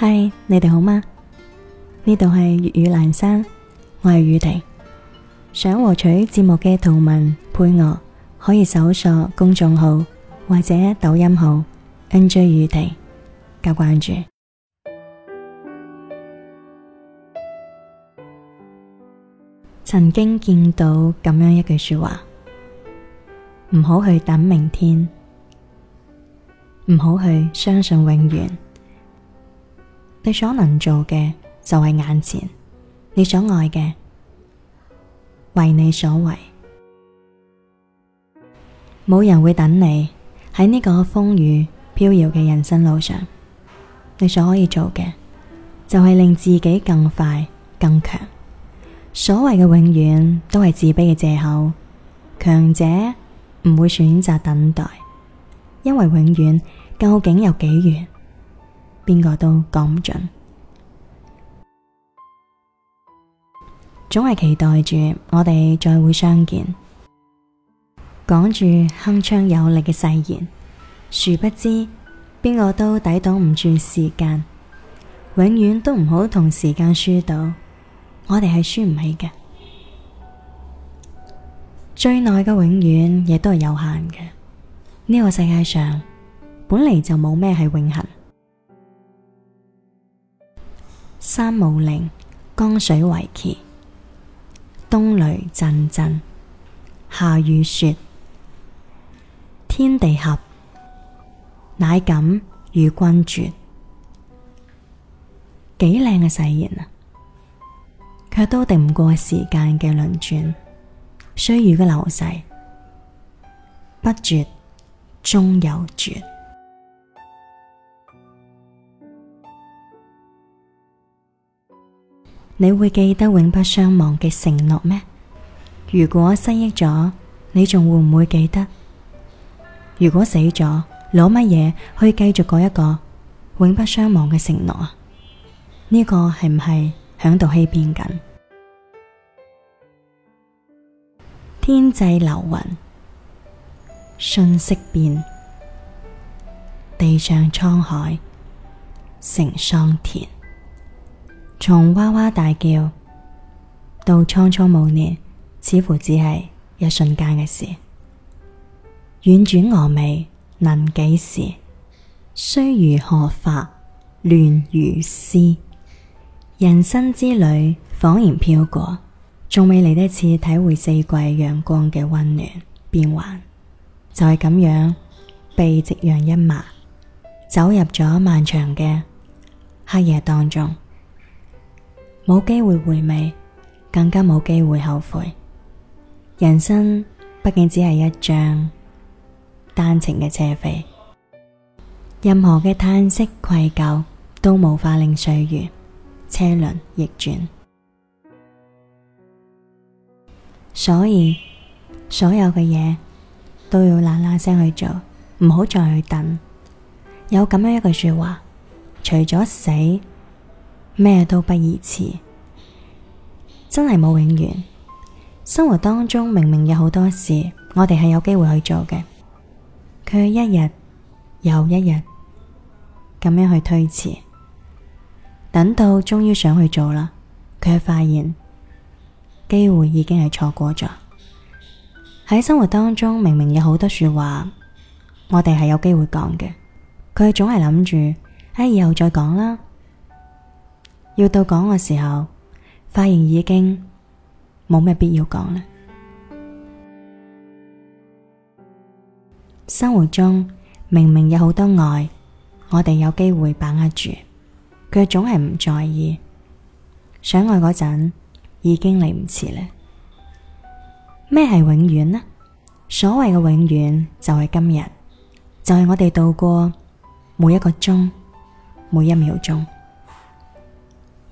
嗨，Hi, 你哋好嗎？呢度係粵語闌山，我係宇婷。想獲取節目嘅圖文配樂，可以搜索公眾號或者抖音號 NJ 宇婷加關注。曾經見到咁樣一句說話：唔好去等明天，唔好去相信永遠。你所能做嘅就係眼前，你所愛嘅為你所為，冇人會等你喺呢個風雨飄搖嘅人生路上。你所可以做嘅就係令自己更快更強。所謂嘅永遠都係自卑嘅借口，強者唔會選擇等待，因為永遠究竟有幾遠？邊個都講唔準，總係期待住我哋再會相見，講住鏗鏘有力嘅誓言，殊不知邊個都抵擋唔住時間，永遠都唔好同時間輸到。我哋係輸唔起嘅。最耐嘅永遠亦都係有限嘅，呢、這個世界上本嚟就冇咩係永恆。山無陵，江水為竭。冬雷震震，夏雨雪。天地合，乃敢與君絕。幾靚嘅誓言啊！卻都敵唔過時間嘅輪轉，歲月嘅流逝，不絕終有絕。你會記得永不相忘嘅承諾咩？如果失憶咗，你仲會唔會記得？如果死咗，攞乜嘢去繼續過一個永不相忘嘅承諾啊？呢、這個係唔係響度欺騙緊？天際流雲瞬息變，地上滄海成桑田。從娃娃大叫到蒼蒼暮年，似乎只係一瞬間嘅事。婉轉峨眉能幾時？須如何髮，亂如絲。人生之旅恍然飄過，仲未嚟得及體會四季陽光嘅溫暖變幻，就係、是、咁樣被夕陽一抹，走入咗漫長嘅黑夜當中。冇機會回味，更加冇機會後悔。人生畢竟只係一張單程嘅車票，任何嘅嘆息、愧疚都無法令歲月車輪逆轉。所以，所有嘅嘢都要嗱嗱聲去做，唔好再去等。有咁樣一句說話，除咗死。咩都不宜遲，真係冇永遠。生活當中明明有好多事，我哋係有機會去做嘅，佢一日又一日咁樣去推遲，等到終於想去做啦，佢發現機會已經係錯過咗。喺生活當中明明有好多說話，我哋係有機會講嘅，佢總係諗住喺以後再講啦。要到講嘅時候，發現已經冇咩必要講啦。生活中明明有好多愛，我哋有機會把握住，卻總係唔在意。想愛嗰陣已經嚟唔遲啦。咩係永遠呢？所謂嘅永遠就係今日，就係我哋度過每一個鐘，每一秒鐘。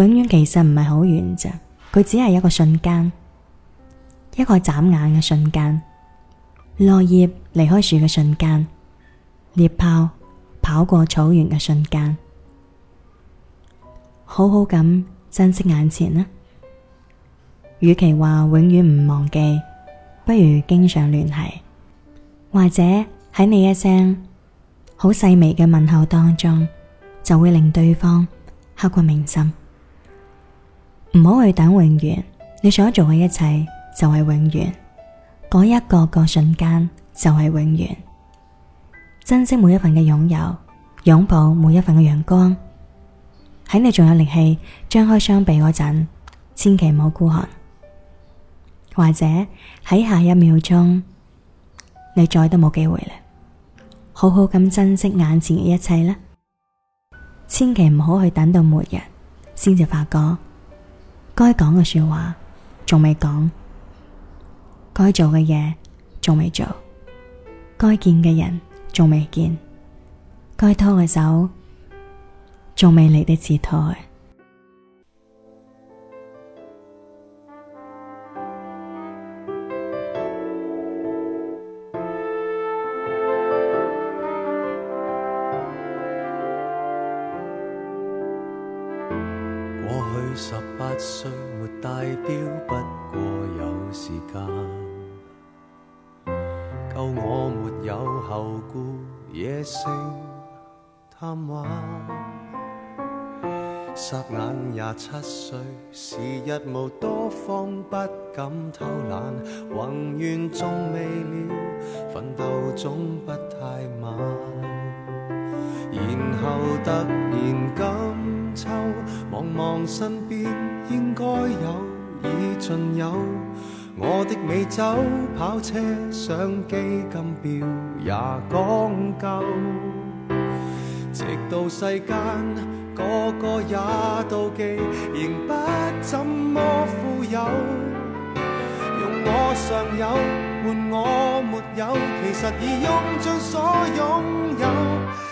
永遠其實唔係好遠啫，佢只係一個瞬間，一個眨眼嘅瞬間。落葉離開樹嘅瞬間，獵豹跑過草原嘅瞬間，好好咁珍惜眼前啦，啊。與其話永遠唔忘記，不如經常聯繫，或者喺你一聲好細微嘅問候當中，就會令對方刻骨銘心。唔好去等永遠，你想做嘅一切就係永遠，嗰一個個瞬間就係永遠。珍惜每一份嘅擁有，擁抱每一份嘅陽光。喺你仲有力氣張開雙臂嗰陣，千祈唔好孤寒，或者喺下一秒鐘，你再都冇機會啦。好好咁珍惜眼前嘅一切啦，千祈唔好去等到末日先至發覺。該講嘅說話仲未講，該做嘅嘢仲未做，該見嘅人仲未見，該拖嘅手仲未嚟得及拖。一歲沒戴錶，不過有時間，夠我沒有後顧，野性貪玩。霎眼廿七歲，時日無多方，方不敢偷懶。宏願縱未了，奮鬥總不太晚。然後突然感。望望身邊應該有已盡有，我的美酒跑車相機金表，也講究。直到世間個個也妒忌，仍不怎麼富有。用我尚有換我沒有，其實已用盡所擁有。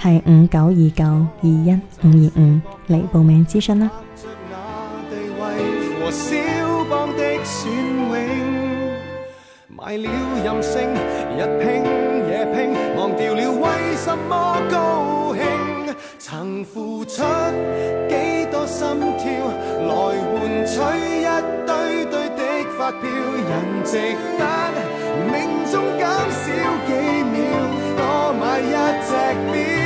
係五九二九二一五二五嚟報名諮詢啦！「着那地位和鈔票的選擇，賣了任性，日拼夜拼，忘掉了為什麼高興。曾付出幾多心跳，來換取一堆堆的發票。人值得，命中減少幾秒，多買一隻錶。」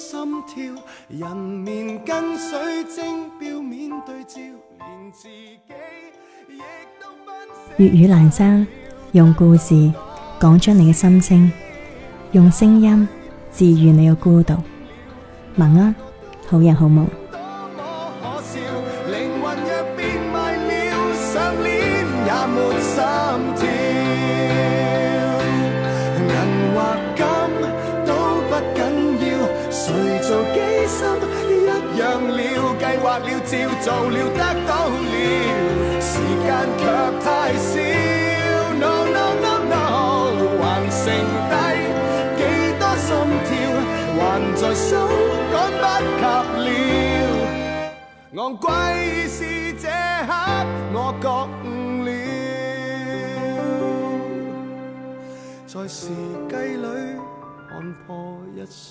心跳人面跟水晶表面對照，連自己亦都不粵語。蘭生用故事講出你嘅心聲，用聲音治愈你嘅孤獨。晚安，啊，好人好夢。計劃了，照做了，得到了，時間卻太少。No no no no，還剩低幾多心跳，還在數，趕不及了。昂貴是這刻，我覺悟了，在時計裏看破一生。